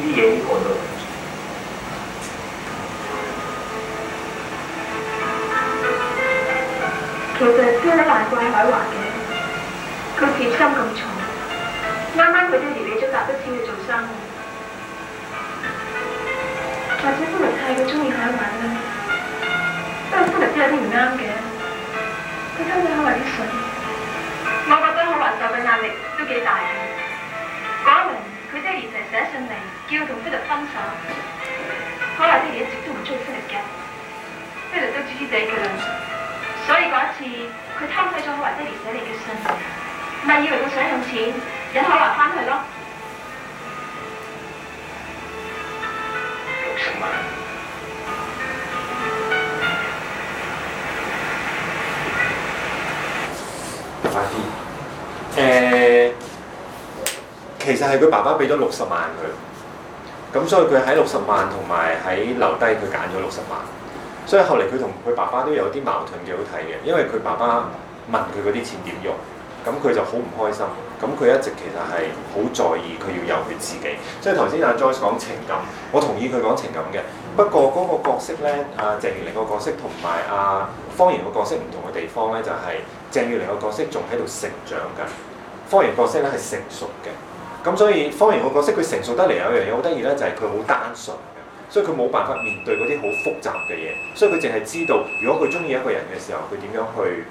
佢對孫仔太過愛海華嘅，佢鐵心咁重。啱啱佢爹哋俾咗大筆錢佢做生意，或者孫立太佢中意海華啦，不過孫立都有啲唔啱嘅，佢睇唔起海華啲水。我覺得海華受嘅壓力都幾大嘅，講明。佢爹哋成日寫信嚟，叫佢同菲力分手。海華爹哋一直都唔中意菲力嘅，菲力都知仔佢啦，所以嗰一次佢偷睇咗海華爹哋寫你嘅信，咪 以為佢想用錢引海華翻去咯。 其實係佢爸爸俾咗六十萬佢，咁所以佢喺六十萬同埋喺留低，佢揀咗六十萬。所以後嚟佢同佢爸爸都有啲矛盾，幾好睇嘅。因為佢爸爸問佢嗰啲錢點用，咁佢就好唔開心。咁佢一直其實係好在意佢要由佢自己。所以頭先阿 Joyce 講情感，我同意佢講情感嘅。不過嗰個角色呢，阿、啊、鄭月玲個角色同埋阿方言個角色唔同嘅地方呢，就係、是、鄭月玲個角色仲喺度成長緊，方言角色咧係成熟嘅。咁所以方怡個角色佢成熟得嚟有一樣嘢好得意咧，就係佢好單純，嘅，所以佢冇辦法面對嗰啲好複雜嘅嘢，所以佢淨係知道如果佢中意一個人嘅時候，佢點樣去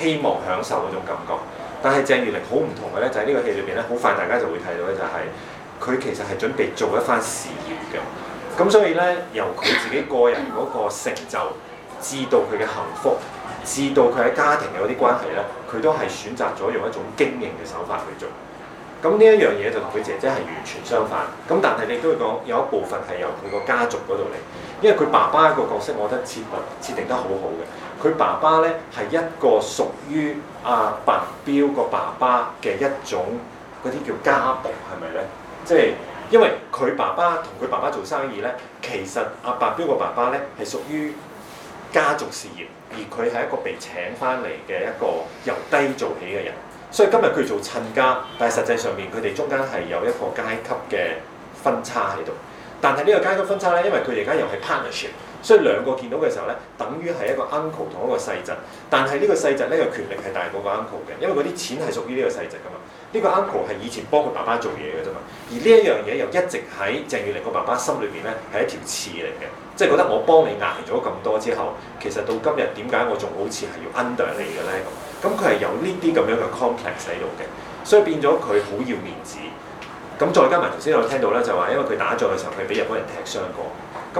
希望享受嗰種感覺。但係鄭月玲好唔同嘅咧，就係、是、呢個戲裏邊咧，好快大家就會睇到咧、就是，就係佢其實係準備做一番事業嘅。咁所以咧，由佢自己個人嗰個成就，至到佢嘅幸福，至到佢喺家庭嘅啲關係咧，佢都係選擇咗用一種經營嘅手法去做。咁呢一樣嘢就同佢姐姐係完全相反。咁但係你都會講有一部分係由佢個家族嗰度嚟，因為佢爸爸個角色，我覺得設定設定得好好嘅。佢爸爸咧係一個屬於阿白彪個爸爸嘅一種嗰啲叫家暴係咪咧？即係因為佢爸爸同佢爸爸做生意咧，其實阿白彪個爸爸咧係屬於家族事業，而佢係一個被請翻嚟嘅一個由低做起嘅人。所以今日佢做親家，但係實際上面，佢哋中間係有一個階級嘅分差喺度。但係呢個階級分差呢，因為佢而家又係 partnership，所以兩個見到嘅時候呢，等於係一個 uncle 同一個細侄。但係呢個細侄呢，個權力係大過個 uncle 嘅，因為嗰啲錢係屬於呢個細侄㗎嘛。呢個 uncle 係以前幫佢爸爸做嘢嘅啫嘛。而呢一樣嘢又一直喺鄭裕玲個爸爸心裏面呢，係一條刺嚟嘅，即係覺得我幫你捱咗咁多之後，其實到今日點解我仲好似係要 under 你嘅呢？咁佢係有呢啲咁樣嘅 complex 喺度嘅，所以變咗佢好要面子。咁再加埋，頭先我聽到咧就話，因為佢打仗嘅時候佢俾日本人踢傷過，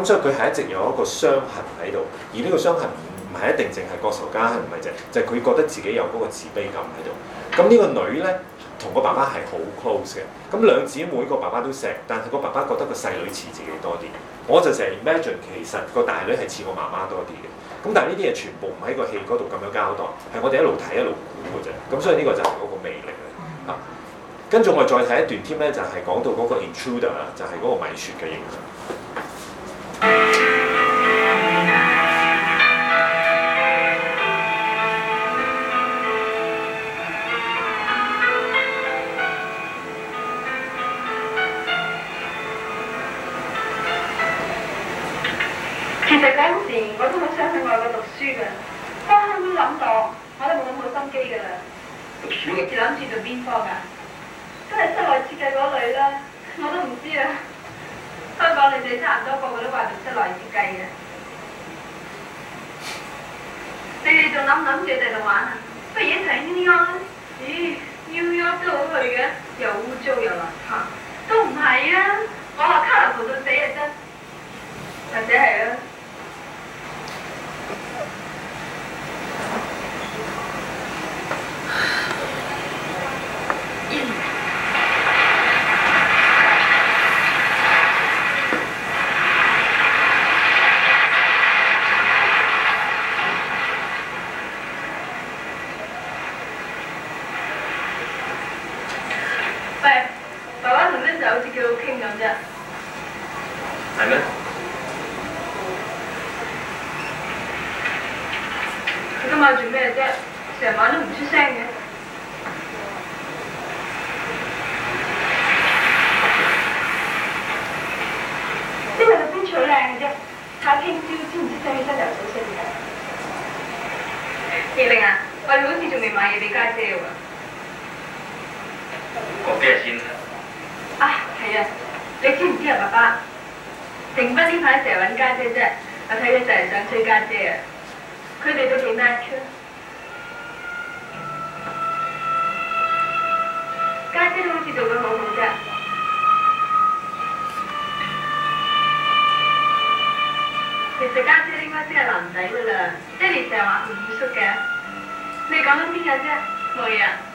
咁所以佢係一直有一個傷痕喺度。而呢個傷痕唔唔係一定淨係國仇家恨，唔係啫，就係佢覺得自己有嗰個自卑感喺度。咁呢個女咧同個爸爸係好 close 嘅，咁兩姊妹個爸爸都錫，但係個爸爸覺得個細女似自己多啲。我就成日 imagine 其實個大女係似我媽媽多啲嘅。咁但係呢啲嘢全部唔喺個戲嗰度咁樣交代，係我哋一路睇一路估嘅啫。咁所以呢個就係嗰個魅力啦。啊，跟住我再睇一段添咧，就係講到嗰個 intruder 啊，就係嗰個米雪嘅形象。你買嘢俾家姐喎。我驚先啦。啊，係啊，啊，你知唔知啊，爸爸？成班呢排成日揾家姐啫，我睇佢成日想追家姐啊。佢哋都幾 n a t u 家姐都好似做得好好、啊、啫。其實家姐，姐應該先係男仔噶啦爹 e 成日話唔熟嘅。 你講緊乜嘢啫？冇嘢。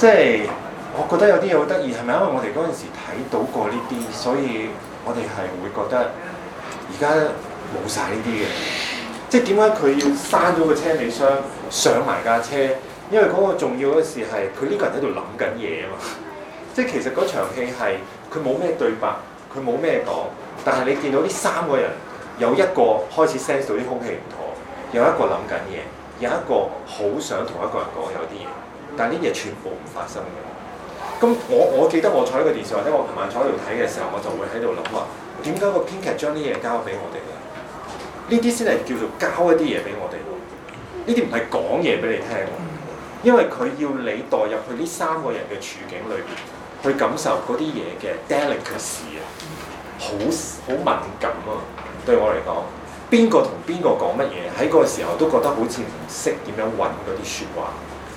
即係我覺得有啲嘢好得意，係咪？因為我哋嗰陣時睇到過呢啲，所以我哋係會覺得而家冇晒呢啲嘅。即係點解佢要閂咗個車尾箱上埋架車？因為嗰個重要嘅事係佢呢個人喺度諗緊嘢啊嘛。即係其實嗰場戲係佢冇咩對白，佢冇咩講，但係你見到呢三個人有一個開始 sense 到啲空氣唔妥，有一個諗緊嘢，有一個好想同一個人講有啲嘢。但啲嘢全部唔發生嘅，咁我我記得我坐喺個電視或者我琴晚坐喺度睇嘅時候，我就會喺度諗話：點解個編劇將啲嘢交俾我哋咧？呢啲先係叫做交一啲嘢俾我哋，呢啲唔係講嘢俾你聽，因為佢要你代入去呢三個人嘅處境裏邊，去感受嗰啲嘢嘅 delicacy 嘅事啊，好好敏感啊，對我嚟講，邊個同邊個講乜嘢，喺嗰個時候都覺得好似唔識點樣揾嗰啲説話。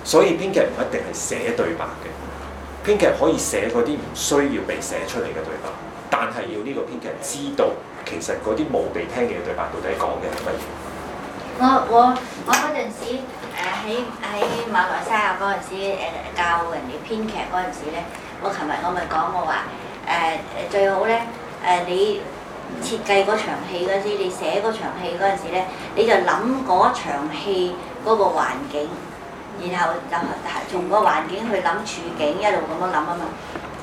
所以編劇唔一定係寫對白嘅，編劇可以寫嗰啲唔需要被寫出嚟嘅對白，但係要呢個編劇知道其實嗰啲無被聽嘅對白到底講嘅係乜嘢。我我我嗰陣時喺喺、呃、馬來西亞嗰陣時、呃、教人哋編劇嗰陣時咧，我琴日我咪講我話誒誒最好咧誒、呃、你設計嗰場戲嗰陣時，你寫嗰場戲嗰陣時咧，你就諗嗰場戲嗰個環境。然後就係從個環境去諗處境，一路咁樣諗啊嘛。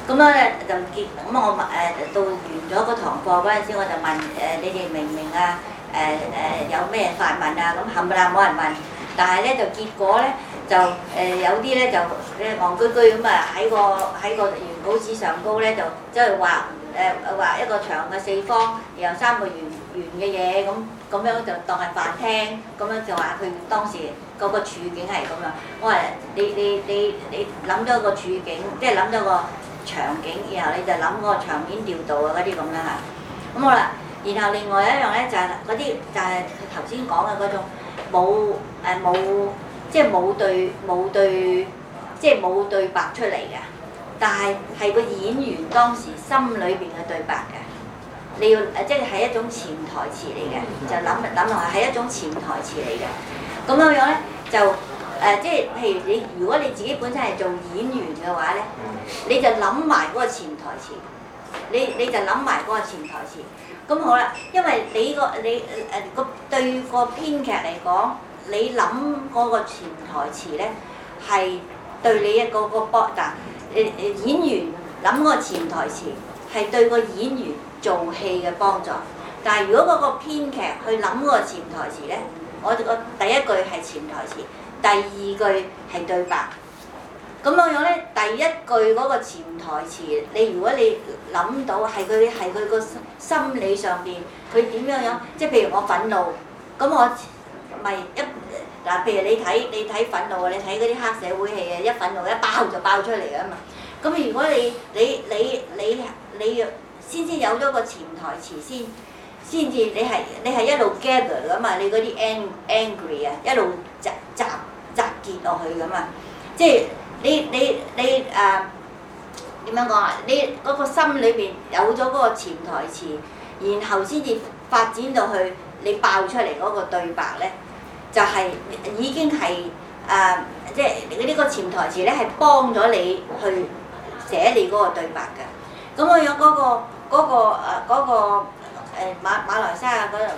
咁樣咧就結咁我問到完咗個堂課嗰陣時，我就問：呃「誒你哋明唔明啊？誒、呃、誒、呃、有咩發問啊？」咁冚唪唥冇人問。但係咧就結果咧就誒、呃、有啲咧就誒戇、呃、居居咁啊喺個喺個原稿紙上高咧就即係畫誒畫一個長嘅四方，然後三個圓圓嘅嘢，咁咁樣就當係飯廳咁樣就，就話佢當時。嗰個處境係咁樣，我話你你你你諗咗個處境，即係諗咗個場景，然後你就諗個場面調度嗰啲咁樣嚇。咁好啦，然後另外一樣咧就係嗰啲就係佢頭先講嘅嗰種冇誒冇即係冇對冇對即係冇對白出嚟嘅，但係係個演員當時心裏邊嘅對白嘅，你要即係係一種潛台詞嚟嘅，就諗諗落去係一種潛台詞嚟嘅。咁樣樣咧，就誒、呃，即係譬如你，如果你自己本身係做演員嘅話咧，你就諗埋嗰個潛台詞，你你就諗埋嗰個潛台詞。咁好啦，因為你個你誒個、呃、對個編劇嚟講，你諗嗰個潛台詞咧，係對你一、那個個幫，但係誒演員諗個潛台詞係對個演員做戲嘅幫助。但係如果嗰個編劇去諗個潛台詞咧？我個第一句係潛台詞，第二句係對白。咁樣樣咧，第一句嗰個潛台詞，你如果你諗到係佢係佢個心理上邊，佢點樣樣？即係譬如我憤怒，咁我咪一嗱，譬如你睇你睇憤怒啊，你睇嗰啲黑社會戲啊，一憤怒一爆就爆出嚟啊嘛。咁如果你你你你你先先有咗個潛台詞先。先至你係，你係一路 gather 咁啊，你嗰啲 ang angry 啊，一路集集集結落去咁啊，即係你你你誒點樣講啊？你嗰個心裏邊有咗嗰個潛台詞，然後先至發展到去你爆出嚟嗰個對白咧，就係已經係誒，即係你呢個潛台詞咧，係幫咗你去寫你嗰個對白噶。咁我有嗰個嗰個誒嗰個。那個那個那個那個誒馬馬來西亞嗰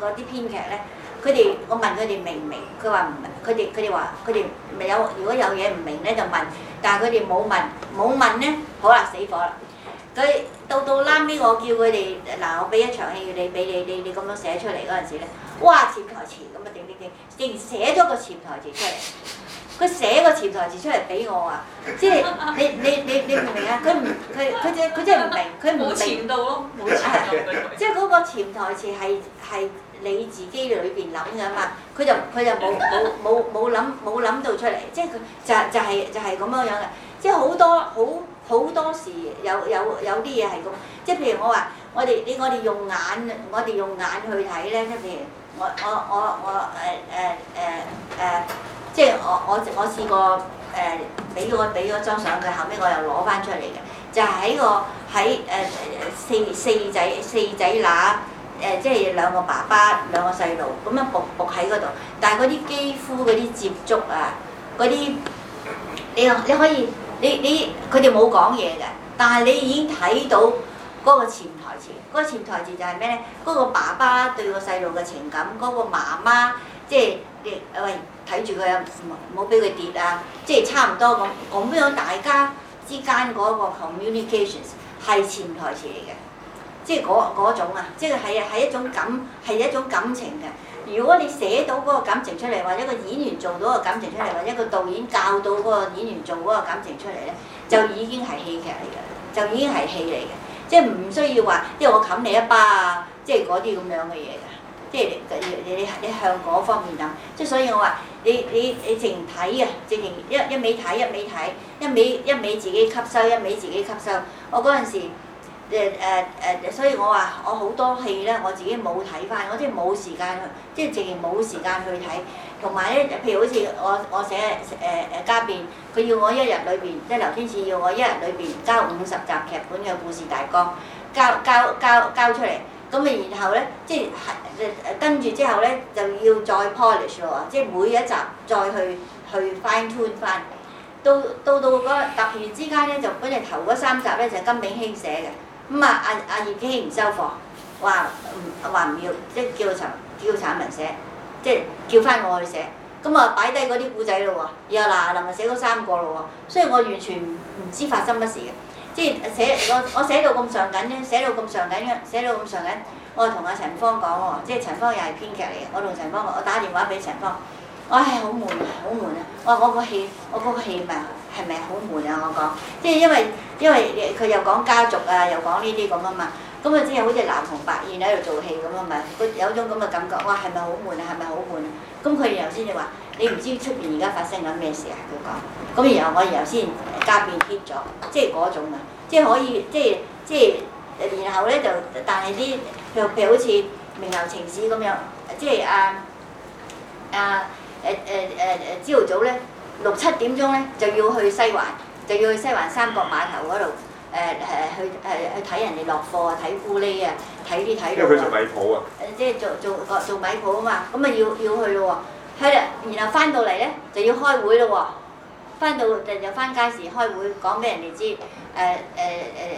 個誒啲編劇咧，佢哋我問佢哋明唔明？佢話唔明。佢哋佢哋話佢哋咪有，如果有嘢唔明咧就問。但係佢哋冇問，冇問咧，好啦死火啦！佢到到拉尾，我叫佢哋嗱，我俾一場戲你俾你你你咁樣寫出嚟嗰陣時咧，哇潛台詞咁啊點點點，竟然寫咗個潛台詞出嚟。佢寫個潛台詞出嚟俾我啊！即係你你你你明唔明啊？佢唔佢佢真佢真係唔明，佢冇諗到咯，冇諗到。即係嗰個潛台詞係係你自己裏邊諗嘅嘛，佢就佢就冇冇冇冇諗冇諗到出嚟。即係佢就就係就係咁樣樣嘅。即係好多好好多時有有有啲嘢係咁。即係譬如我話我哋你我哋用眼我哋用眼去睇咧，即係譬如我我我我誒誒誒誒。呃呃呃呃即係我我我試過誒俾咗俾咗張相佢，後尾我又攞翻出嚟嘅，就係、是、喺個喺誒、呃、四四仔四仔乸誒，即係兩個爸爸兩個細路咁樣伏伏喺嗰度，但係嗰啲肌膚嗰啲接觸啊，嗰啲你你可以你你佢哋冇講嘢嘅，但係你已經睇到嗰個潛台詞，嗰、那個潛台詞就係咩咧？嗰、那個爸爸對個細路嘅情感，嗰、那個媽媽即係喂。睇住佢啊，唔好俾佢跌啊！即係差唔多咁咁樣，大家之間嗰個 communications 係潛台詞嚟嘅，即係嗰種啊，即係係係一種感係一種感情嘅。如果你寫到嗰個感情出嚟，或者個演員做到個感情出嚟，或者個導演教到嗰個演員做嗰個感情出嚟咧，就已經係戲劇嚟嘅，就已經係戲嚟嘅，即係唔需要話，即係我冚你一巴啊！即係嗰啲咁樣嘅嘢。即係你你你你向嗰方面諗，即係所以我話你你你淨睇啊，淨一一味睇一味睇，一味一味自己吸收一味自己吸收。我嗰陣時誒誒誒，所以我話我好多戲咧，我自己冇睇翻，我即係冇時間去，即係淨冇時間去睇。同埋咧，譬如好似我我寫誒誒誒家變，佢要我一日裏邊，即係劉天賜要我一日裏邊交五十集劇本嘅故事大綱，交交交交出嚟。咁啊，然後咧，即係誒誒跟住之後咧，就要再 polish 咯，即係每一集再去去 fine tune 翻。到到到嗰個突然之間咧，就本嚟頭嗰三集咧就係金炳興寫嘅，咁、嗯、啊阿阿葉希興唔收貨，話唔話唔要，即係叫陳叫陳韻文寫，即係叫翻我去寫。咁啊擺低嗰啲古仔咯喎，然後嗱嗱臨咪寫嗰三個咯喎，雖然我完全唔知發生乜事嘅。即係寫我我寫到咁上緊啫，寫到咁上緊嘅，寫到咁上緊，我同阿陳芳講喎，即係陳芳又係編劇嚟嘅，我同陳芳我打電話俾陳芳，唉、哎、好悶啊，好悶啊，我話我個戲我嗰個戲咪係咪好悶啊？我講，即係因為因為佢又講家族啊，又講呢啲咁啊嘛，咁啊即係好似南紅白燕喺度做戲咁啊嘛，佢有一種咁嘅感覺，我話係咪好悶啊？係咪好悶啊？咁佢然後先就話。你唔知出邊而家發生緊咩事啊？佢講，咁然後我然後先家變 hit 咗，即係嗰種啊，即係可以，即係即係，然後咧就，但係啲譬如好似名流情史咁樣，即係啊啊誒誒誒朝早咧六七點鐘咧就要去西環，就要去西環三角碼頭嗰度誒誒去誒去睇人哋落貨啊，睇咕喱啊，睇啲睇㗎去做米鋪啊。即係做做做米鋪啊嘛，咁啊要要，要去咯喎。佢哋然後翻到嚟咧就要開會咯喎、哦，翻到就又翻街市開會，講俾人哋知，誒誒誒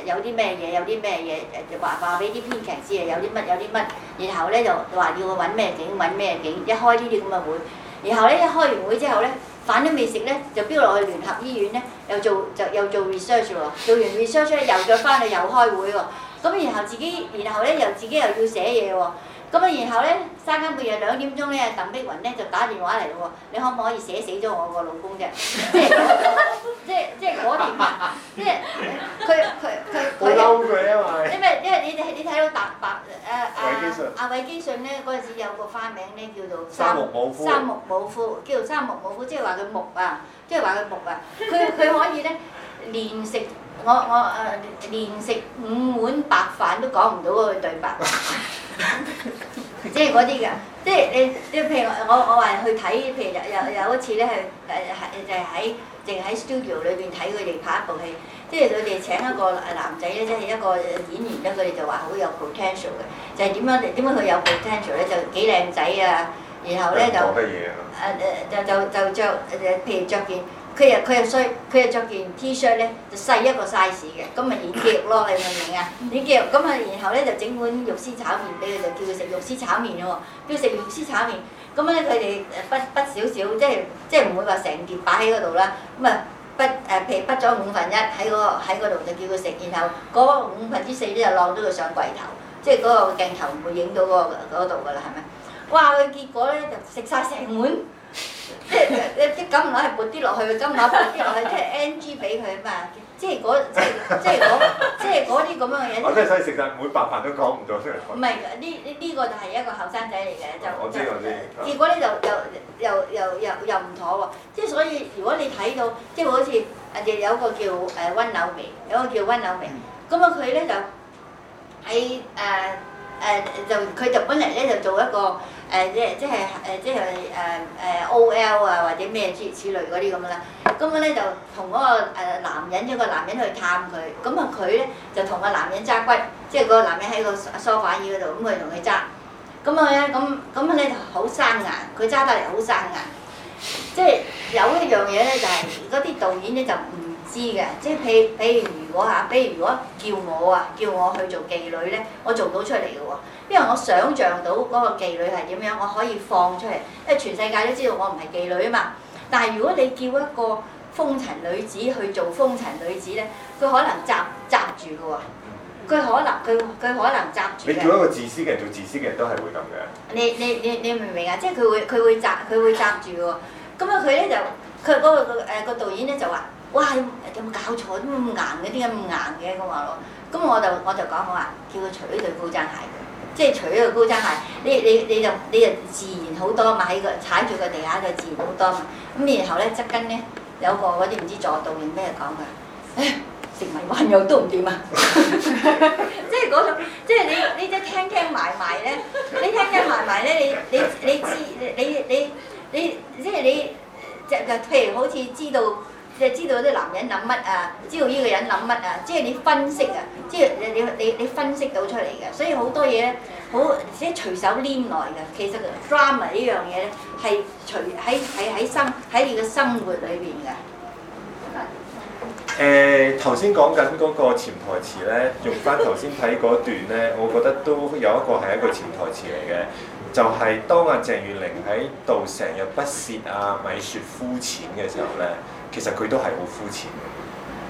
有啲咩嘢，有啲咩嘢誒，話話俾啲編劇知啊，有啲乜有啲乜，然後咧就話要我揾咩景揾咩景，一開呢啲咁嘅會，然後咧一開完會之後咧飯都未食咧就飆落去聯合醫院咧又做就又做 research 喎，做完 research 咧又再翻去又開會喎，咁然後自己然後咧又自己又要寫嘢喎。咁啊，然後咧，三更半夜兩點鐘咧，鄧碧雲咧就打電話嚟喎，你可唔可以寫死咗我個老公啫？即係 即係即係嗰個即係佢佢佢佢嬲佢啊嘛！因為因為， 因為你你睇到達白誒阿阿阿韋基信咧嗰陣時有個花名咧叫，叫做三木武夫，三木武夫叫做三木武夫，即係話佢木啊，即係話佢木啊，佢佢可以咧連食。我我誒連食五碗白飯都講唔到個對白， 即係嗰啲㗎。即係你，即係譬如我我我話去睇，譬如又有，有一次咧係誒係就係喺正喺 studio 裏邊睇佢哋拍一部戲，即係佢哋請一個男男仔咧，即係一個演員咧，佢哋就話好有 potential 嘅。就係點樣點解佢有 potential 咧？就幾靚仔啊，然後咧就誒誒就就就着，誒譬如着件。佢又佢又衰，佢又着件 t 恤 h 咧，就細一個 size 嘅，咁咪顯肉咯，你明唔明啊？顯肉咁啊，然後咧就整碗肉絲炒麵俾佢，就叫佢食肉絲炒麵喎，叫佢食肉絲炒麵。咁咧佢哋誒畢畢少少，即係即係唔會話成碟擺喺嗰度啦。咁啊畢誒譬如畢咗五分一喺嗰個喺嗰度就叫佢食，然後嗰五分之四咧就攞咗佢上櫃頭，即係嗰個鏡頭唔會影到嗰、那個度噶啦，係咪？哇！佢結果咧就食晒成碗。即係，啲金牛係撥啲落去，金牛撥啲落去，即係 NG 俾佢啊嘛！即係嗰即係即係即係啲咁樣嘅人，我真係想食曬，每白飯都講唔做，出嚟講。唔係，呢呢呢個就係一個後生仔嚟嘅，就我知道結果咧就又又又又又唔妥喎！即係所以，如果你睇到，即係好似啊，亦有個叫誒温柳眉，有個叫温柳眉，咁啊佢咧就喺誒。誒、呃，就佢就本嚟咧就做一個誒、呃，即係即係誒，即係誒，誒、呃、OL 啊或者咩諸如此類嗰啲咁啦，咁樣咧就同嗰個誒男人一、個男人去探佢，咁啊佢咧就同個男人揸骨，即係個男人喺個梳化椅嗰度，咁佢同佢揸，咁啊咧咁咁咧就好生硬，佢揸得嚟好生硬，即係有一樣嘢咧就係嗰啲導演咧就唔。知嘅，即係譬譬如如果嚇，譬如如果叫我啊，叫我去做妓女咧，我做到出嚟嘅喎，因為我想像到嗰個妓女係點樣，我可以放出嚟，因為全世界都知道我唔係妓女啊嘛。但係如果你叫一個風塵女子去做風塵女子咧，佢可能紮紮住嘅喎，佢可能佢佢可能紮住。你叫一個自私嘅人，做自私嘅人都係會咁嘅。你你你你明唔明啊？即係佢會佢會紮佢會紮住嘅喎。咁啊佢咧就佢嗰、嗰個誒個、呃、導演咧就話。哇！有冇搞錯？咁硬嘅啲咁硬嘅，咁話咯，咁我就我就講我話，叫佢除咗對高踭鞋，即係除咗對高踭鞋，你你你就你就自然好多啊嘛，喺個踩住個地下就自然好多嘛。咁然後咧，側跟咧有個嗰啲唔知，知助動定咩講㗎，哎，食埋環遊都唔掂啊！即係嗰種，即係你你一聽聽埋埋咧，你聽聽埋埋咧，你你你知你你你即係你就就譬如好似知道。即係知道啲男人諗乜啊，知道呢個人諗乜啊，即係你分析啊，即係你你你你分析到出嚟嘅，所以好多嘢好即係隨手拈來嘅。其實 drama 呢樣嘢係隨喺喺喺生喺你嘅生活裏邊嘅。誒、呃，頭先講緊嗰個潛台詞咧，用翻頭先睇嗰段咧， 我覺得都有一個係一個潛台詞嚟嘅，就係、是、當阿鄭月玲喺度成日不屑啊米雪膚淺嘅時候咧。其實佢都係好膚淺嘅。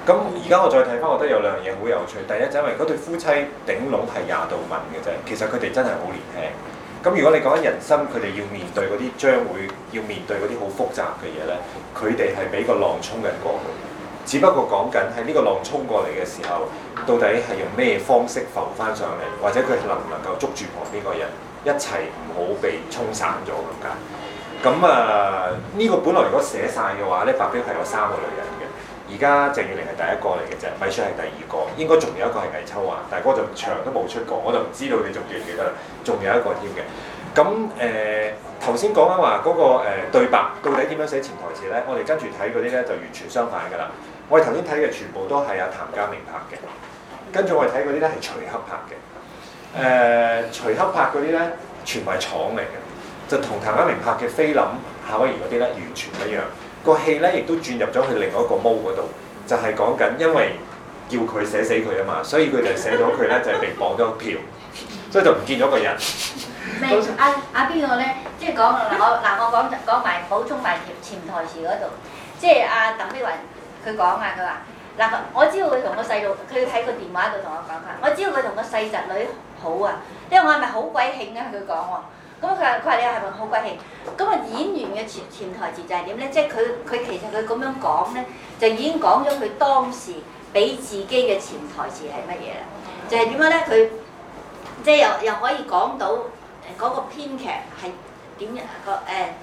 咁而家我再睇翻，我覺得有兩樣嘢好有趣。第一就係因為嗰對夫妻頂籠係廿度問嘅啫，其實佢哋真係好年輕。咁如果你講緊人生，佢哋要面對嗰啲將會要面對嗰啲好複雜嘅嘢呢，佢哋係俾個浪沖緊過去。只不過講緊喺呢個浪沖過嚟嘅時候，到底係用咩方式浮翻上嚟，或者佢能唔能夠捉住旁邊個人一齊唔好被沖散咗咁解。咁啊，呢、嗯這個本來如果寫晒嘅話咧，白彪係有三個女人嘅。而家鄭裕玲係第一個嚟嘅啫，米雪係第二個，應該仲有一個係魏秋華，但係就場都冇出過，我就唔知道你仲記唔記得啦。仲有一個添嘅。咁誒頭先講緊話嗰個誒、呃、對白，到底點樣寫潛台詞咧？我哋跟住睇嗰啲咧就完全相反㗎啦。我哋頭先睇嘅全部都係阿譚家明拍嘅，跟住我哋睇嗰啲咧係徐克拍嘅。誒、呃、徐克拍嗰啲咧，全部係廠嚟嘅。就同《譚嘉明拍嘅菲林夏威夷》嗰啲咧完全唔一樣，個戲咧亦都轉入咗去另外一個毛嗰度，就係講緊因為叫佢寫死佢啊嘛，所以佢就寫咗佢咧就係被綁咗票，所以就唔見咗個人。咩、啊？阿阿邊個咧？即係講我嗱，我講講埋補充埋前台詞嗰度，即係阿鄧碧雲佢講啊，佢話嗱，我知道佢同個細路，佢喺個電話度同我講佢我知道佢同個細侄女好啊，因為我係咪好鬼慶啊？佢講喎。咁佢佢話你係咪好鬼氣？咁啊，演員嘅潛潛台詞就係點咧？即係佢佢其實佢咁樣講咧，就已經講咗佢當時俾自己嘅潛台詞係乜嘢啦？就係點樣咧？佢即係又又可以講到嗰個編劇係。點個誒？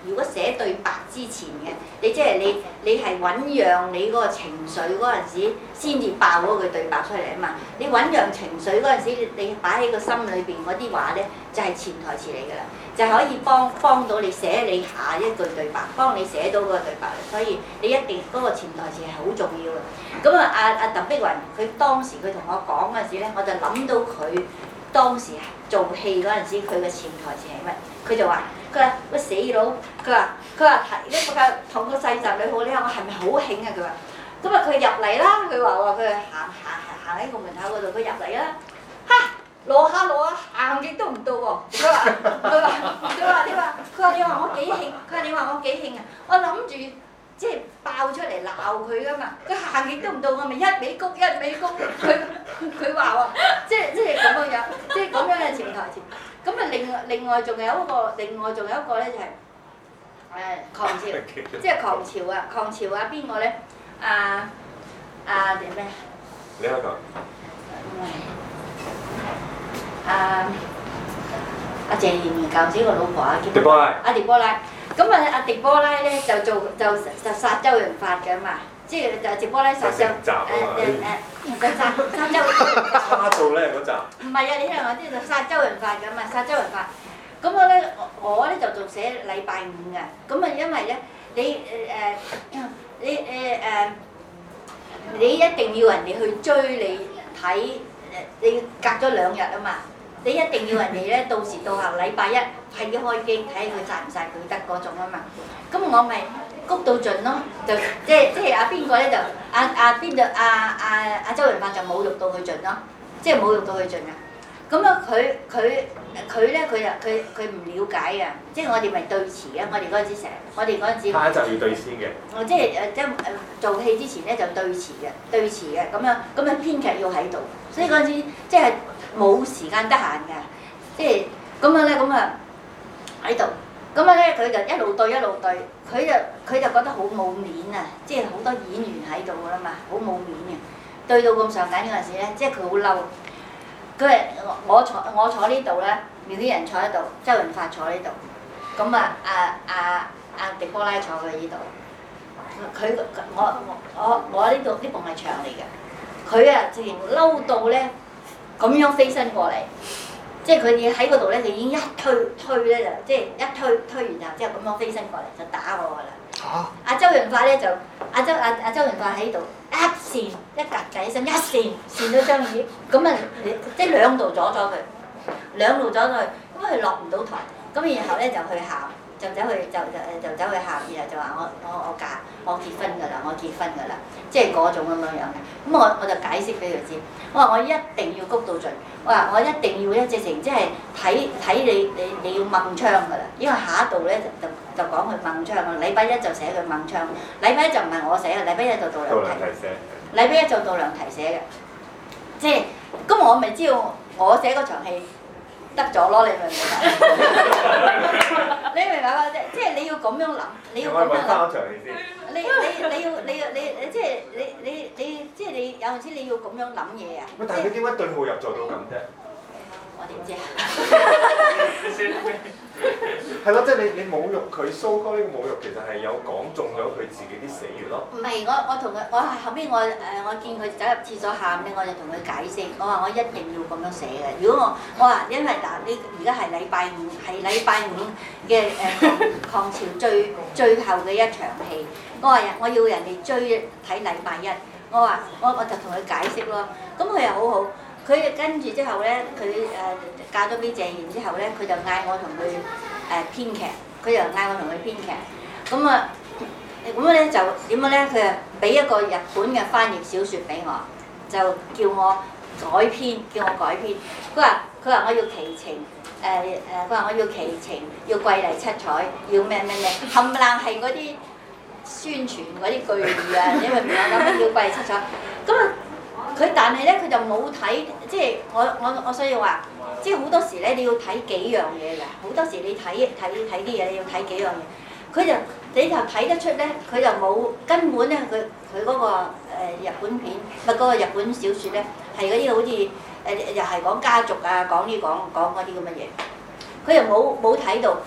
如果寫對白之前嘅，你即係你，你係醞釀你嗰個情緒嗰陣時先至爆嗰句對白出嚟啊嘛！你醞釀情緒嗰陣時，你你擺喺個心裏邊嗰啲話咧，就係、是、潛台詞嚟㗎啦，就是、可以幫幫到你寫你下一句對白，幫你寫到個對白。所以你一定嗰、那個潛台詞係好重要嘅。咁啊，阿阿鄧碧雲，佢當時佢同我講嗰陣時咧，我就諗到佢當時做戲嗰陣時，佢嘅潛台詞係乜？佢就話。佢話：那個、死佬？佢話：佢話係呢個佢同個細集你好你話，我係咪好興啊？佢話：咁啊，佢入嚟啦！佢話：我話佢行行行喺個門口嗰度，佢入嚟啦！嚇，攞下攞下，行極都唔到喎！佢話：佢話：佢話：你話，佢話：你話我幾興？佢話：你話我幾興啊？我諗住即係爆出嚟鬧佢噶嘛！佢行極都唔到，我咪一味谷一味谷。佢佢話即係即係咁嘅樣，即係咁樣嘅前台詞。咁啊，另另外仲有一個，另外仲有一個咧、就是，就係誒，狂潮， 即係狂潮啊！狂潮啊，邊、啊、個咧、啊？啊啊，點啊？你講。啊謝賢舊時個老婆啊，狄波拉。啊狄波拉，咁啊阿、啊、狄波拉咧就做就就，就殺周潤發嘅嘛。即係就係直播咧殺周誒誒誒唔使殺殺周，花素咧嗰唔係啊，你聽我啲就殺周潤發嘅嘛，殺周潤發。咁我咧，我咧就做寫禮拜五嘅。咁啊，因為咧，你誒誒、呃、你誒誒、呃，你一定要人哋去追你睇，你隔咗兩日啊嘛。你一定要人哋咧到時到下禮拜一係要開機睇佢殺唔殺佢得嗰種啊嘛。咁我咪。谷到盡咯，就即係即係阿邊個咧就阿阿邊度阿阿阿周潤發就侮辱到佢盡咯，即係侮辱到佢盡啊！咁啊，佢佢佢咧佢就佢佢唔了解啊！即係我哋咪對詞啊！我哋嗰陣時成，我哋嗰陣時，下一集要對先對詞嘅。我即係誒即係做戲之前咧就對詞嘅，對詞嘅咁樣咁樣，編劇要喺度，所以嗰陣時即係冇時間得閒嘅，即係咁啊咧咁啊喺度。咁啊咧，佢就一路對一路對，佢就佢就覺得好冇面啊！即係好多演員喺度噶啦嘛，好冇面嘅、啊。對到咁上緊嗰陣時咧，即係佢好嬲。佢係我，我坐我坐呢度咧，苗啲人坐喺度，周潤發坐呢度。咁啊阿啊，啊，啊狄波拉坐佢呢度。佢我我我呢度呢埲係牆嚟嘅。佢啊自然嬲到咧，咁樣飛身過嚟。即係佢哋喺嗰度咧，就已經一推推咧就，即係一推推完之後，之後咁樣飛身過嚟就打我噶啦。嚇、啊！阿周潤發咧就，阿、啊、周阿阿、啊、周潤發喺度，一扇一格仔，起身一扇，扇咗張椅，咁啊即係兩度阻咗佢，兩度阻咗佢，咁佢落唔到台，咁然後咧就去考。就走去就就誒就走去下月啊，就話我我我嫁我結婚㗎啦，我結婚㗎啦，即係嗰種咁樣樣嘅。咁我我就解釋俾佢知，我話我一定要谷到盡，我話我一定要一隻情，即係睇睇你你你要掹槍㗎啦，因為下一度咧就就就講佢掹槍，禮拜一就寫佢掹槍，禮拜一就唔係我寫，禮拜一就杜梁提寫，禮拜一就杜梁提寫嘅，即係咁我咪知道我寫嗰場戲。得咗咯，你咪你明白咯啫， 即係你要咁樣諗，你要咁樣諗。我揾三場先。你你你要你要你,你,你,你,你,你即係你你即你,你即係你有陣時你要咁樣諗嘢啊！但係佢點解對號入座到咁啫？ 我點知啊？ 係咯，即係你你侮辱佢，蘇哥呢侮辱其實係有講中咗佢自己啲死穴咯。唔係， 我我同佢，我係後尾我誒，我見佢走入廁所喊咧，我就同佢解釋，我話我一定要咁樣寫嘅。如果我我話，因為嗱，呢而家係禮拜五，係禮拜五嘅誒狂潮最最後嘅一場戲，我話我要人哋追睇禮拜一，我話我我就同佢解釋咯。咁佢又好好，佢就跟住之後咧，佢誒。呃嫁咗俾鄭，然之後呢，佢就嗌我同佢誒編劇，佢就嗌我同佢編劇。咁啊，咁呢就點樣呢？佢誒俾一個日本嘅翻譯小説俾我，就叫我改編，叫我改編。佢話佢話我要奇情，誒、呃、誒，佢話我要奇情，要瑰麗七彩，要咩咩咩，冚唪唥係嗰啲宣傳嗰啲句語啊，因為唔係咁要瑰麗七彩，咁啊。佢但係咧，佢就冇睇，即係我我我所以話，即係好多時咧，你要睇幾樣嘢嘅，好多時你睇睇睇啲嘢，你要睇幾樣嘢。佢就你就睇得出咧，佢就冇根本咧，佢佢嗰個日本片，唔係嗰個日本小説咧，係嗰啲好似誒又係講家族啊，講呢講講嗰啲咁嘅嘢，佢又冇冇睇到，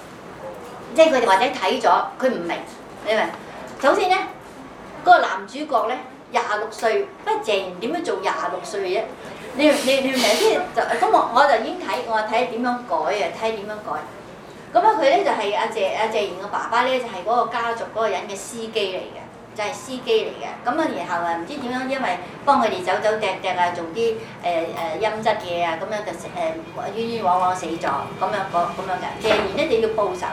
即係佢哋或者睇咗，佢唔明，你明？首先咧，嗰個男主角咧。廿六歲，不過謝賢點樣做廿六歲嘅啫？ 你你你明唔明先？就咁我我就已經睇，我睇點樣改啊？睇點樣改？咁、就是、啊佢咧就係阿謝阿謝賢個爸爸咧就係、是、嗰個家族嗰個人嘅司機嚟嘅，就係、是、司機嚟嘅。咁啊然後啊唔知點樣因為幫佢哋走走趯趯啊做啲誒誒陰質嘢啊，咁、呃、樣，樣就誒冤冤枉枉死咗，咁樣講咁樣嘅。謝賢一定要報仇，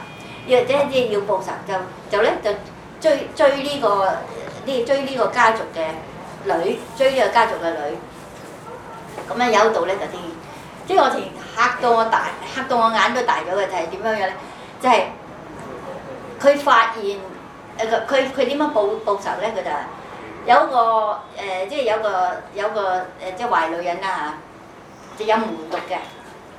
或者即係要報仇就就咧就追追呢、這個。啲追呢個家族嘅女，追呢個家族嘅女，咁樣有度咧就先，即係我哋嚇到我大，嚇到我眼都大咗嘅，就係、是、點、呃、樣樣咧、呃？就係佢發現誒，佢佢點樣報報仇咧？佢就係有個誒，即係有個有個誒，即係壞女人啦嚇、啊，就有、是、梅毒嘅，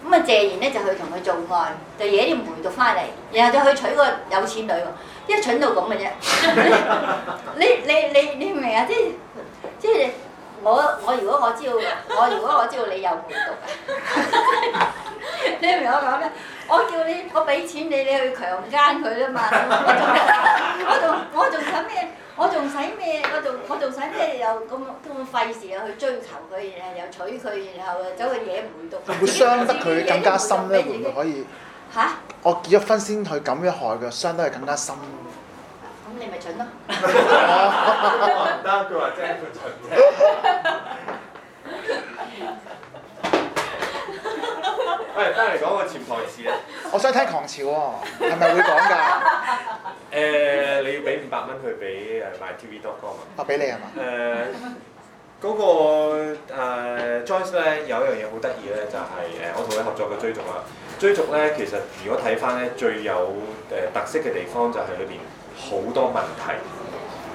咁啊借完咧就去同佢做愛，就惹啲梅毒翻嚟，然後就去娶個有錢女喎。一蠢到咁嘅啫，你你你你明啊？即係即係你我我如果我知道我如果我知道你有梅毒啊， 你明我講咩？我叫你我俾錢你你去強姦佢啊嘛！我仲我仲我仲使咩？我仲使咩？我仲我仲使咩？又咁咁費事又去追求佢，然後又娶佢，然後走去惹梅毒，會傷得佢更加深咧，會唔會可以？吓、啊。我結咗婚先去咁樣害佢，傷得係更加深。咁你咪準咯。得佢句話，真係佢最唔聽。喂，返嚟講個潛台詞啊！ 我想聽狂潮喎，係咪會講㗎？誒， uh, 你要俾五百蚊去俾誒 mytv.com 啊？我俾你係嘛？誒。 嗰個誒 Joyce 咧有一樣嘢好得意咧，就係誒我同佢合作嘅追逐啦。追逐咧其實如果睇返咧最有誒特色嘅地方就係裏邊好多問題，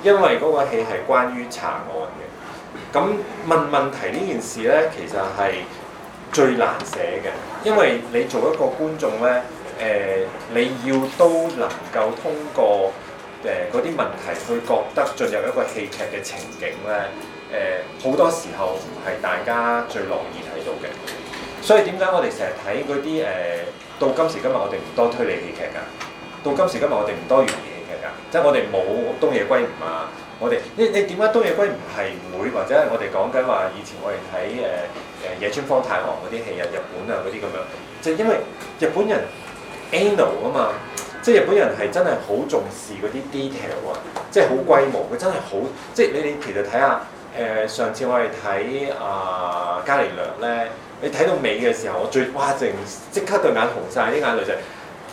因為嗰個戲係關於查案嘅。咁問問題呢件事咧，其實係最難寫嘅，因為你做一個觀眾咧，誒你要都能夠通過誒嗰啲問題去覺得進入一個戲劇嘅情景咧。誒好、呃、多時候唔係大家最樂意睇到嘅，所以點解我哋成日睇嗰啲誒，到今時今日，我哋唔多推理戲劇㗎。到今時今日我、就是我，我哋唔多懸疑戲劇㗎，即係我哋冇東野圭吾啊。我哋你你點解東野圭吾係會，或者係我哋講緊話以前我哋睇誒誒野村芳太郎嗰啲戲啊、日本啊嗰啲咁樣？就是、因為日本人 anal 啊嘛， 即係日本人係真係好重視嗰啲 detail 啊，即係好龜毛，佢真係好即係你哋其實睇下。誒、呃、上次我哋睇啊伽利略咧，你睇到尾嘅時候，我最哇，淨即刻對眼紅晒。啲眼淚就係、是、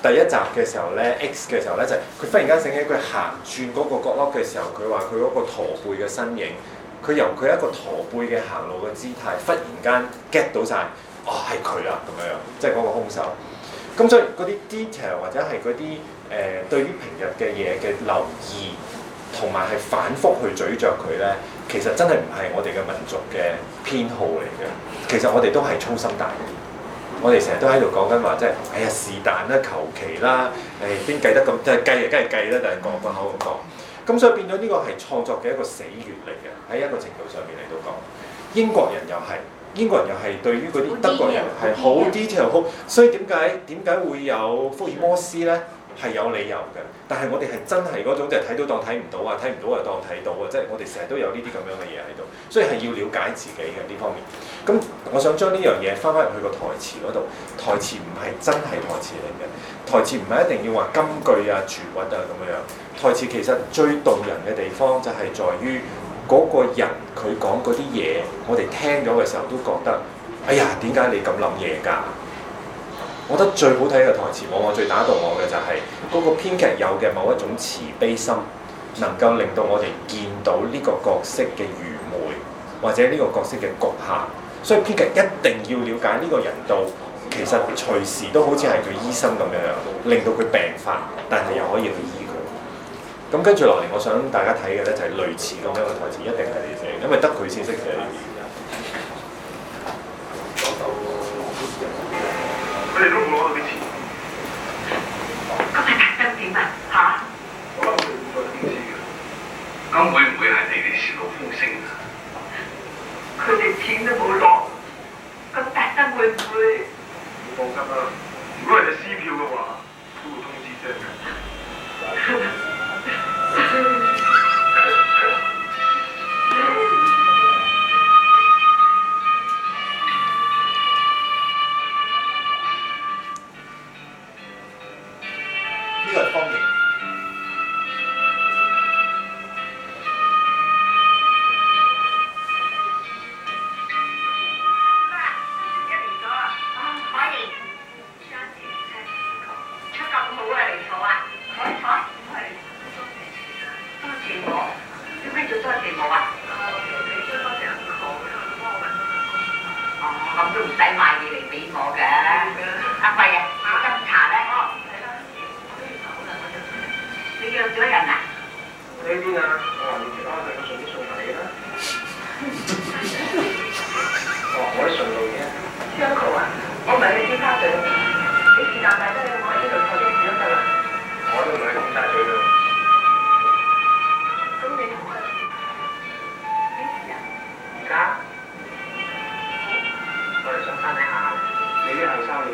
第一集嘅時候咧，X 嘅時候咧就係、是、佢忽然間醒起佢行轉嗰個角落嘅時候，佢話佢嗰個駝背嘅身影，佢由佢一個駝背嘅行路嘅姿態，忽然間 get 到晒：「哦係佢啊」咁樣樣，即係嗰個兇手。咁所以嗰啲 detail 或者係嗰啲誒對於平日嘅嘢嘅留意，同埋係反覆去咀嚼佢咧。其實真係唔係我哋嘅民族嘅偏好嚟嘅，其實我哋都係粗心大意，我哋成日都喺度講緊話，即係哎呀是但啦，求其啦，誒邊計得咁即係計啊，梗係計啦，但係講出口咁講，咁、啊啊啊啊啊啊啊啊、所以變咗呢個係創作嘅一個死穴嚟嘅，喺一個程度上面嚟到講，英國人又係，英國人又係對於嗰啲德國人係好 detail，即係好，所以點解點解會有福爾摩斯咧？嗯係有理由嘅，但係我哋係真係嗰種就係、是、睇到當睇唔到啊，睇唔到就當睇到啊，即、就、係、是、我哋成日都有呢啲咁樣嘅嘢喺度，所以係要了解自己嘅呢方面。咁我想將呢樣嘢翻翻入去個台詞嗰度，台詞唔係真係台詞嚟嘅，台詞唔係一定要話金句啊、絕句啊咁樣。台詞其實最動人嘅地方就係在於嗰個人佢講嗰啲嘢，我哋聽咗嘅時候都覺得，哎呀，點解你咁諗嘢㗎？我覺得最好睇嘅台詞，往往最打動我嘅就係嗰個編劇有嘅某一種慈悲心，能夠令到我哋見到呢個角色嘅愚昧，或者呢個角色嘅局限。所以編劇一定要了解呢個人道，其實隨時都好似係做醫生咁樣，令到佢病發，但係又可以去醫佢。咁跟住落嚟，我想大家睇嘅呢就係類似咁樣嘅台詞，一定係你寫，因為得佢先識寫。佢哋都冇攞到啲錢，咁係特登點啊嚇？我諗佢會再通知嘅，咁會唔會係你哋泄露風聲啊？佢哋錢都冇攞，咁特登會唔會？唔放心啊！如果係你撕票嘅話，會通知聲嘅。唔使買嘢嚟俾我嘅，阿貴啊，飲茶咧。你要幾多人啊？你喺邊啊？我話面前啊，我順便送埋你啦。哦，我順路啫。聽到啊？我唔係你尖沙咀，你是但買得你話喺呢度坐多時都得啦。我都唔係尖沙咀嘅。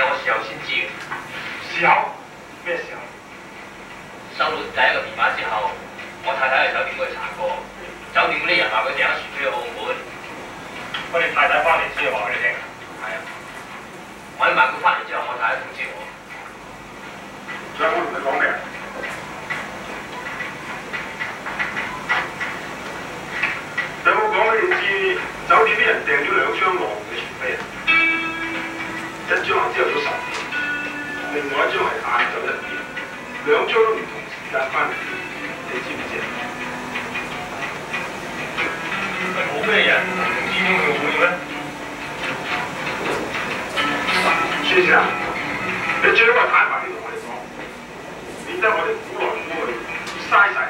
有時候先知嘅。時候？咩時候？收到第一個電話之後，我太太去酒店嗰度查過，的酒店嗰啲人話佢訂咗船飛澳門，我哋太太翻嚟先話俾你聽。係啊，我一晚佢翻嚟之後，我太太通知我。有冇同佢講咩？有冇講俾你知酒店啲人訂咗兩張喎。另外一張係晏就一頁，兩張都唔同時間翻嚟，你知唔知、嗯、啊？咁冇咩嘢，點用重要咧？舒氏啊，你最好係坦白啲同我哋講，免得我哋估來估去嘥晒。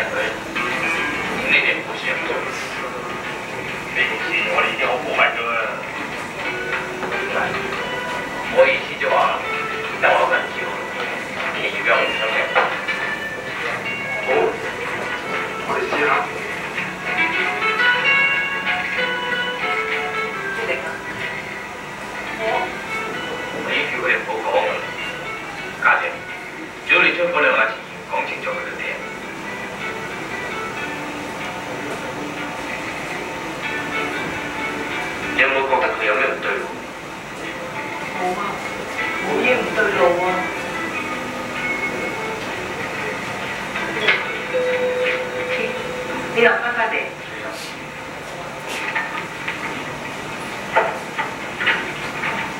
覺得佢有咩唔對路？冇啊，冇嘢唔對路啊！你又返返嚟。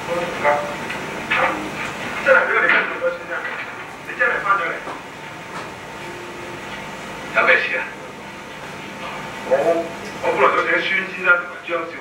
啊！啊！真係俾我哋做咗先啊！你真係返咗嚟？有咩事啊？我我本來想請孫先生同埋張少。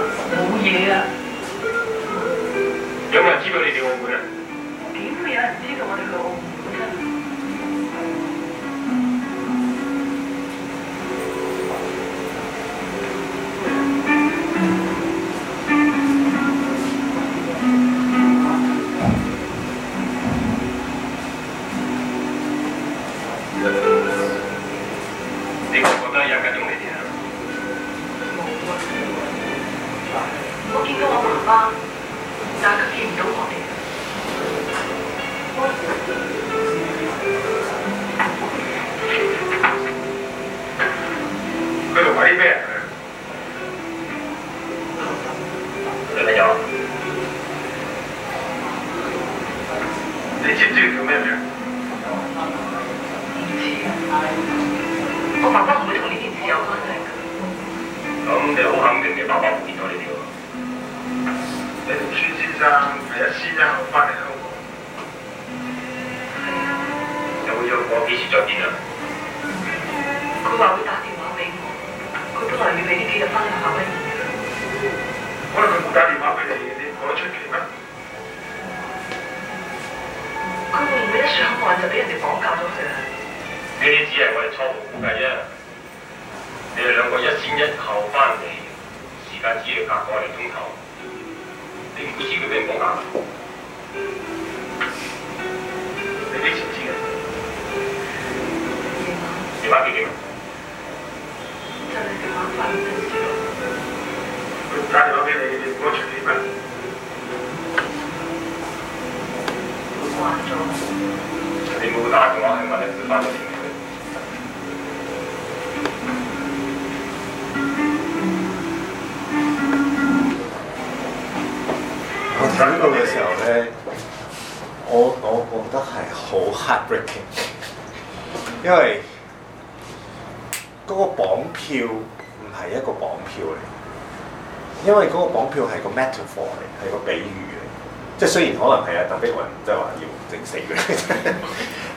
即係雖然可能係啊，鄧碧雲即係話要整死佢。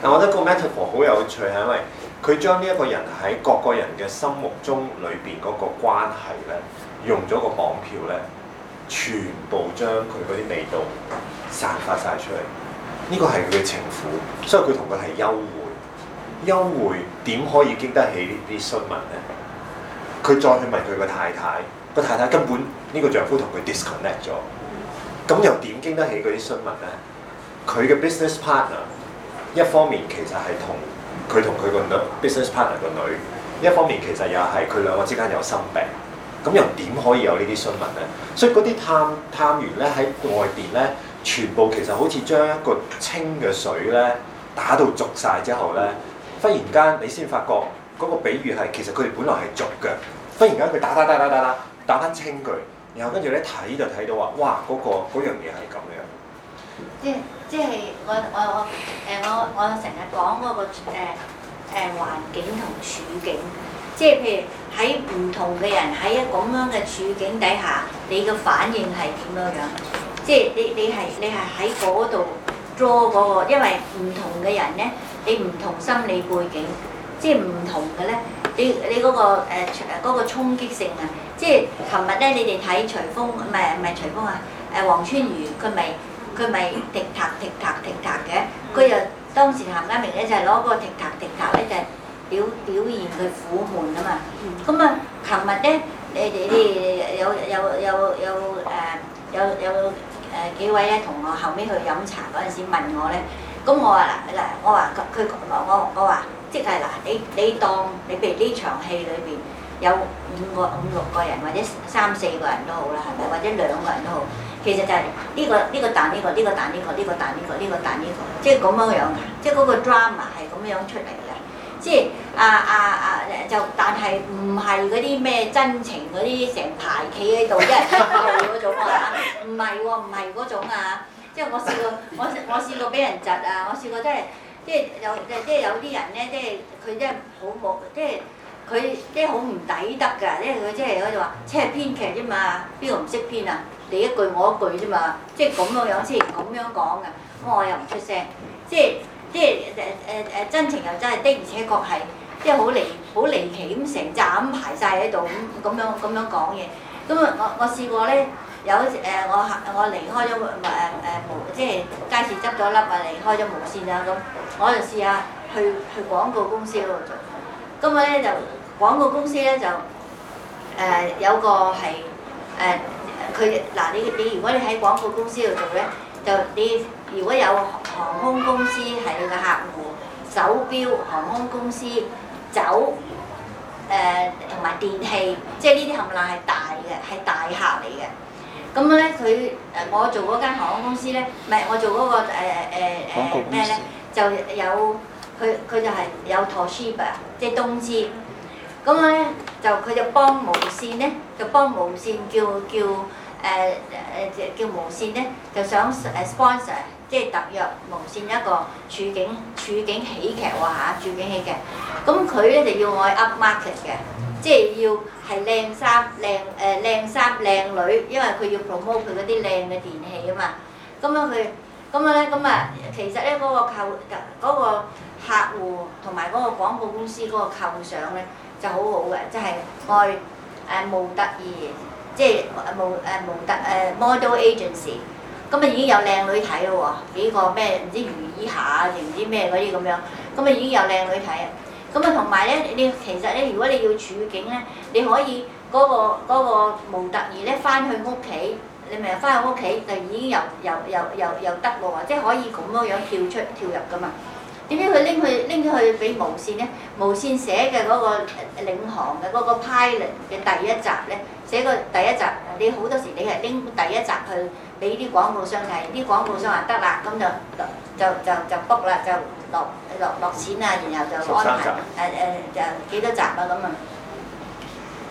但我覺得個 metaphor 好有趣係，因為佢將呢一個人喺各個人嘅心目中裏邊嗰個關係咧，用咗個綁票咧，全部將佢嗰啲味道散發晒出嚟。呢個係佢嘅情婦，所以佢同佢係幽會。幽會點可以經得起呢啲詢問咧？佢再去問佢個太太，個太太根本呢、呢個丈夫同佢 disconnect 咗。咁又點經得起嗰啲新聞呢？佢嘅 business partner 一方面其實係同佢同佢個女 business partner 個女，一方面其實又係佢兩個之間有心病。咁又點可以有呢啲新聞呢？所以嗰啲探探員咧喺外邊咧，全部其實好似將一個清嘅水咧打到濁晒之後咧，忽然間你先發覺嗰、那個比喻係其實佢哋本來係濁嘅，忽然間佢打打打打打打打翻清佢。然後跟住咧睇就睇到話，哇！嗰個嗰樣嘢係咁樣。即即係我我我誒我我成日講嗰個誒誒環境同處境，即係譬如喺唔同嘅人喺一咁樣嘅處境底下，你嘅反應係點樣樣？即係你你係你係喺嗰度做嗰個，因為唔同嘅人咧，你唔同心理背景，即係唔同嘅咧，你你嗰個誒誒嗰個衝擊性啊！即係琴日咧，你哋睇徐峰唔係唔係徐峰啊？誒黃川瑜佢咪佢咪滴答滴答滴答嘅，佢又當時譚家明咧就係、是、攞個滴答滴答咧就是、表表現佢苦悶啊嘛。咁啊，琴日咧你哋有有有有誒有有誒幾位咧同我後尾去飲茶嗰陣時問我咧，咁我話嗱嗱我話佢我我話即係嗱你你當你譬如呢場戲裏邊。.有五個、五六個人或者三四個人都好啦，係咪？或者兩個人都好。其實就係呢個呢個彈呢個，呢個彈呢個，呢個彈呢個，呢個彈呢個，即係咁樣樣嘅，即係嗰個 drama 係咁樣出嚟嘅。即係啊啊啊！就但係唔係嗰啲咩真情嗰啲，成排企喺度一人一個嗰種啊？唔係喎，唔係嗰種啊。即係我試過，我我試過俾人窒啊！我試過、即係即係即係即係、真係，即係有即係有啲人咧，即係佢真係好冇即係。佢即係好唔抵得㗎，因為佢即係嗰度話，即係編劇啫嘛，邊個唔識編啊？你一句我一句啫嘛，即係咁樣樣先咁樣講㗎。咁我又唔出聲，即係即係誒誒誒，真情又真係的，而且確係即係好離好離奇咁成盞咁排晒喺度咁咁樣咁樣講嘢。咁啊，我我試過咧，有時誒我我離開咗誒誒誒無即係街市執咗粒啊，離開咗無線啊咁，我就試下去去廣告公司嗰度做。咁咧就廣告公司咧就誒、呃、有個係誒佢，嗱，你你如果你喺廣告公司度做咧就你如果有航空公司係你個客戶，手錶航空公司酒，誒同埋電器，即係呢啲冚唪唥係大嘅係大客嚟嘅。咁咧佢誒我做嗰間航空公司咧，唔係我做嗰、嗰個誒誒誒咩咧，就有。佢佢就係有 Toshiba，即係東芝，咁咧就佢就幫無線咧，就幫無線叫叫誒誒、呃、叫無線咧，就想誒 sponsor，即係特約無線一個處境處境喜劇喎嚇，處境喜劇。咁佢咧就要愛 upmarket 嘅，即、就、係、是、要係靚衫靚誒靚衫靚女，因為佢要 promote 佢嗰啲靚嘅電器啊嘛。咁樣佢，咁樣咧咁啊，其實咧嗰、那個靠嗰、那個。客戶同埋嗰個廣告公司嗰個構想咧就好好嘅，即係開誒模特兒，即係模誒模特誒、啊、model agency，咁、嗯、啊已經有靚女睇咯喎，幾個咩唔知如衣下定唔知咩嗰啲咁樣，咁啊、嗯嗯、已經有靚女睇啊，咁啊同埋咧你其實咧如果你要處境咧，你可以嗰、那個嗰、那個模特兒咧翻去屋企，你咪翻去屋企就已經又又又又又得咯喎，即係可以咁樣樣跳出跳入噶嘛。點解佢拎去拎咗去俾無線呢？無線寫嘅嗰個領航嘅嗰個 pilot 嘅第一集呢，寫個第一集，你好多時你係拎第一集去俾啲廣告商睇，啲廣告商話得啦，咁就就就就，就 book 啦，就落落落，落錢啊，然後就安排誒誒集、呃呃，就幾多集啊咁啊。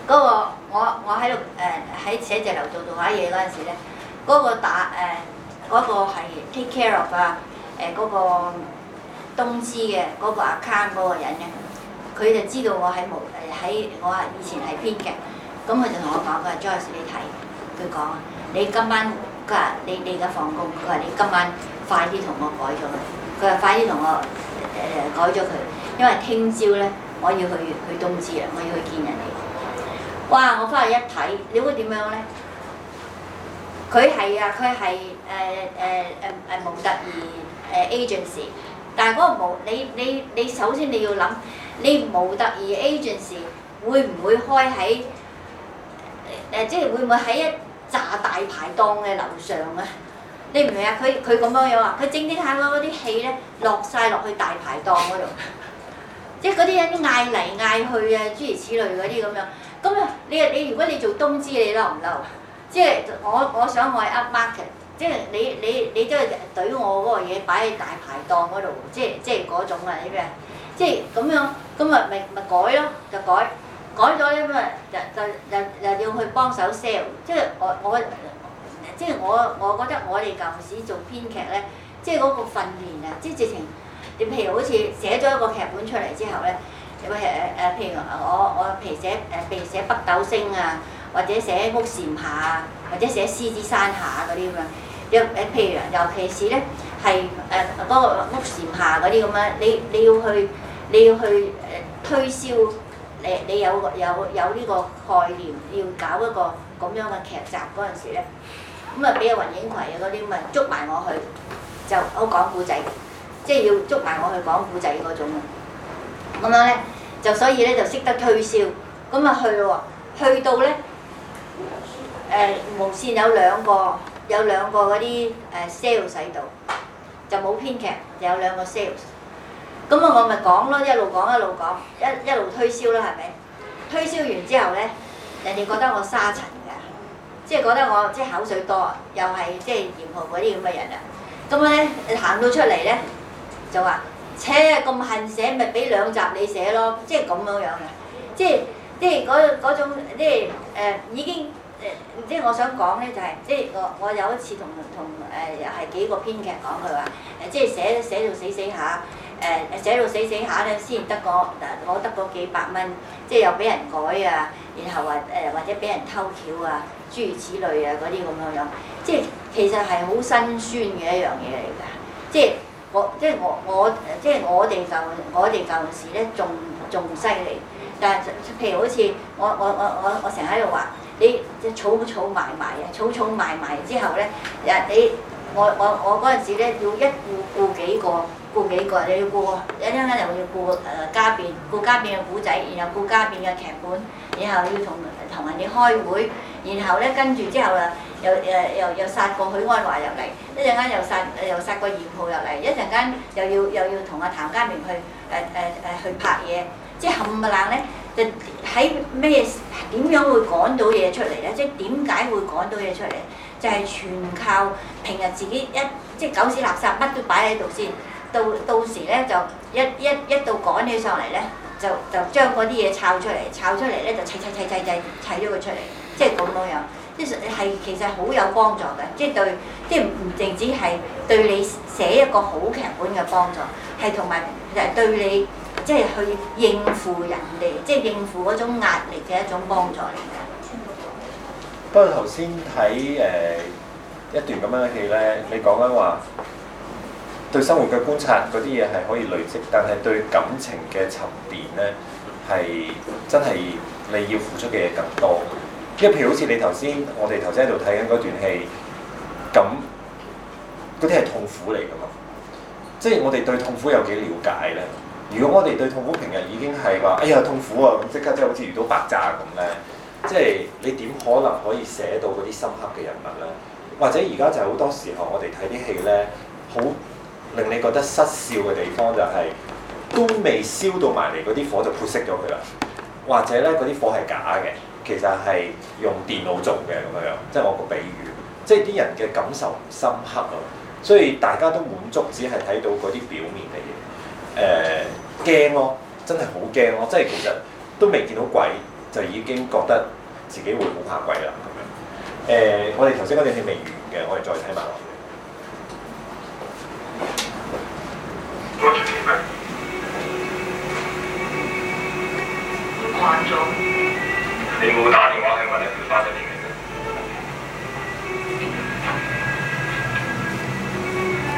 嗰個我我喺度誒喺寫字樓做做下嘢嗰陣時咧，嗰個打誒嗰個係 take care of 啊誒嗰個。東芝嘅嗰個 account 嗰個人咧，佢就知道我喺無誒喺我話以前喺編嘅，咁佢就同我講：佢話 Joyce 你睇，佢講你今晚今日你你而家放工，佢話你今晚快啲同我改咗佢，佢話快啲同我誒改咗佢，因為聽朝咧我要去去東芝啊，我要去見人哋。哇！我翻去一睇，你會點樣咧？佢係啊，佢係誒誒誒誒模特兒誒、呃、agency。但係嗰個冇你你你首先你要諗，你模特兒 agents 會唔會開喺誒即係會唔會喺一紮大排檔嘅樓上啊？你明唔明啊？佢佢咁樣樣啊，佢整整下嗰啲氣呢，落晒落去大排檔嗰度，即係嗰啲人嗌嚟嗌去啊諸如此類嗰啲咁樣。咁啊你你如果你做東芝你嬲唔嬲？即係我我想去 up market。即係你你你都係懟我嗰個嘢擺喺大排檔嗰度，即係即係嗰種啊啲咩？即係咁樣，咁咪咪咪改咯，就改改咗咧咁啊，就就就就要去幫手 sell。即係我我即係我我覺得我哋舊時做編劇咧，即係嗰個訓練啊，即係直情。你譬如好似寫咗一個劇本出嚟之後咧，誒誒誒，譬如我我譬如寫誒譬如寫北斗星啊，或者寫屋簷下啊，或者寫獅子山下嗰啲咁樣。一誒譬如尤其是咧，係誒嗰個屋簷下嗰啲咁樣，你你要去，你要去誒、呃、推銷，誒你，你有個有有呢個概念，要搞一個咁樣嘅劇集嗰陣時咧，咁啊俾阿雲影葵啊嗰啲咪捉埋我去，就好講古仔，即係要捉埋我去講古仔嗰種啊。咁樣咧就所以咧就識得推銷，咁啊去咯喎，去到咧誒、呃、無線有兩個。有兩個嗰啲誒 sales 使到，就冇編劇，就有兩個 sales。咁啊，我咪講咯，一路講一路講，一一路推銷啦，係咪？推銷完之後咧，人哋覺得我沙塵㗎，即係覺得我即係口水多，又係即係嫌惡嗰啲咁嘅人啊。咁咧行到出嚟咧，就話，切咁恨寫，咪俾兩集你寫咯，即係咁樣樣嘅，即係即係嗰種即係誒、呃、已經。即係我想講咧、就是，就係即係我我有一次同同誒又係幾個編劇講，佢話誒，即、呃、係寫寫到死死下誒誒，寫到死死下咧先、呃、得個嗱，我得嗰幾百蚊，即係又俾人改啊，然後話誒、呃、或者俾人偷橋啊，諸如此類啊嗰啲咁樣樣，即係其實係好辛酸嘅一樣嘢嚟㗎。即係我即係我我即係我哋舊我哋舊時咧，仲仲犀利，但係譬如好似我我我我我成日喺度話。你即係草草埋埋啊！草草埋埋之後咧，誒，你我我我嗰陣時咧要一顧顧幾個，顧幾個你要顧一陣間又要顧誒、呃、家變顧家變嘅古仔，然後顧家變嘅劇本，然後要同同人哋開會，然後咧跟住之後啊，又誒又又，又，又殺過許鞍華入嚟，一陣間又殺又殺過嚴浩入嚟，一陣間又要又要同阿譚家明去誒誒誒去拍嘢，即係冚唪冷咧。就喺咩點樣會趕到嘢出嚟咧？即係點解會趕到嘢出嚟？就係、是、全靠平日自己一即係狗屎垃圾乜都擺喺度先，到到時咧就一一一到趕起上嚟咧，就就將嗰啲嘢摷出嚟，摷出嚟咧就砌砌砌砌砌砌咗佢出嚟、就是，即係咁樣樣，即係其實好有幫助嘅，即係對即係唔淨止係對你寫一個好劇本嘅幫助，係同埋係對你。即係去應付人哋，即係應付嗰種壓力嘅一種幫助嚟嘅。不過頭先睇誒一段咁樣嘅戲咧，你講緊話對生活嘅觀察嗰啲嘢係可以累積，但係對感情嘅沉澱咧係真係你要付出嘅嘢更多。即係譬如好似你頭先，我哋頭先喺度睇緊嗰段戲，咁嗰啲係痛苦嚟㗎嘛。即係我哋對痛苦有幾了解咧？如果我哋對痛苦平日已經係話，哎呀痛苦啊，咁即刻即係好似遇到白渣咁咧，即係你點可能可以寫到嗰啲深刻嘅人物咧？或者而家就係好多時候我哋睇啲戲咧，好令你覺得失笑嘅地方就係、是、都未燒到埋嚟，嗰啲火就潑熄咗佢啦。或者咧，嗰啲火係假嘅，其實係用電腦做嘅咁樣，即係我個比喻。即係啲人嘅感受唔深刻啊，所以大家都滿足，只係睇到嗰啲表面嘅嘢。誒、呃。驚咯、啊！真係好驚咯！即係其實都未見到鬼，就已經覺得自己會好怕鬼啦咁樣。誒、呃，我哋頭先嗰段片未完嘅，我哋再睇埋落去。掛咗。你冇打電話去問你妹翻咗嚟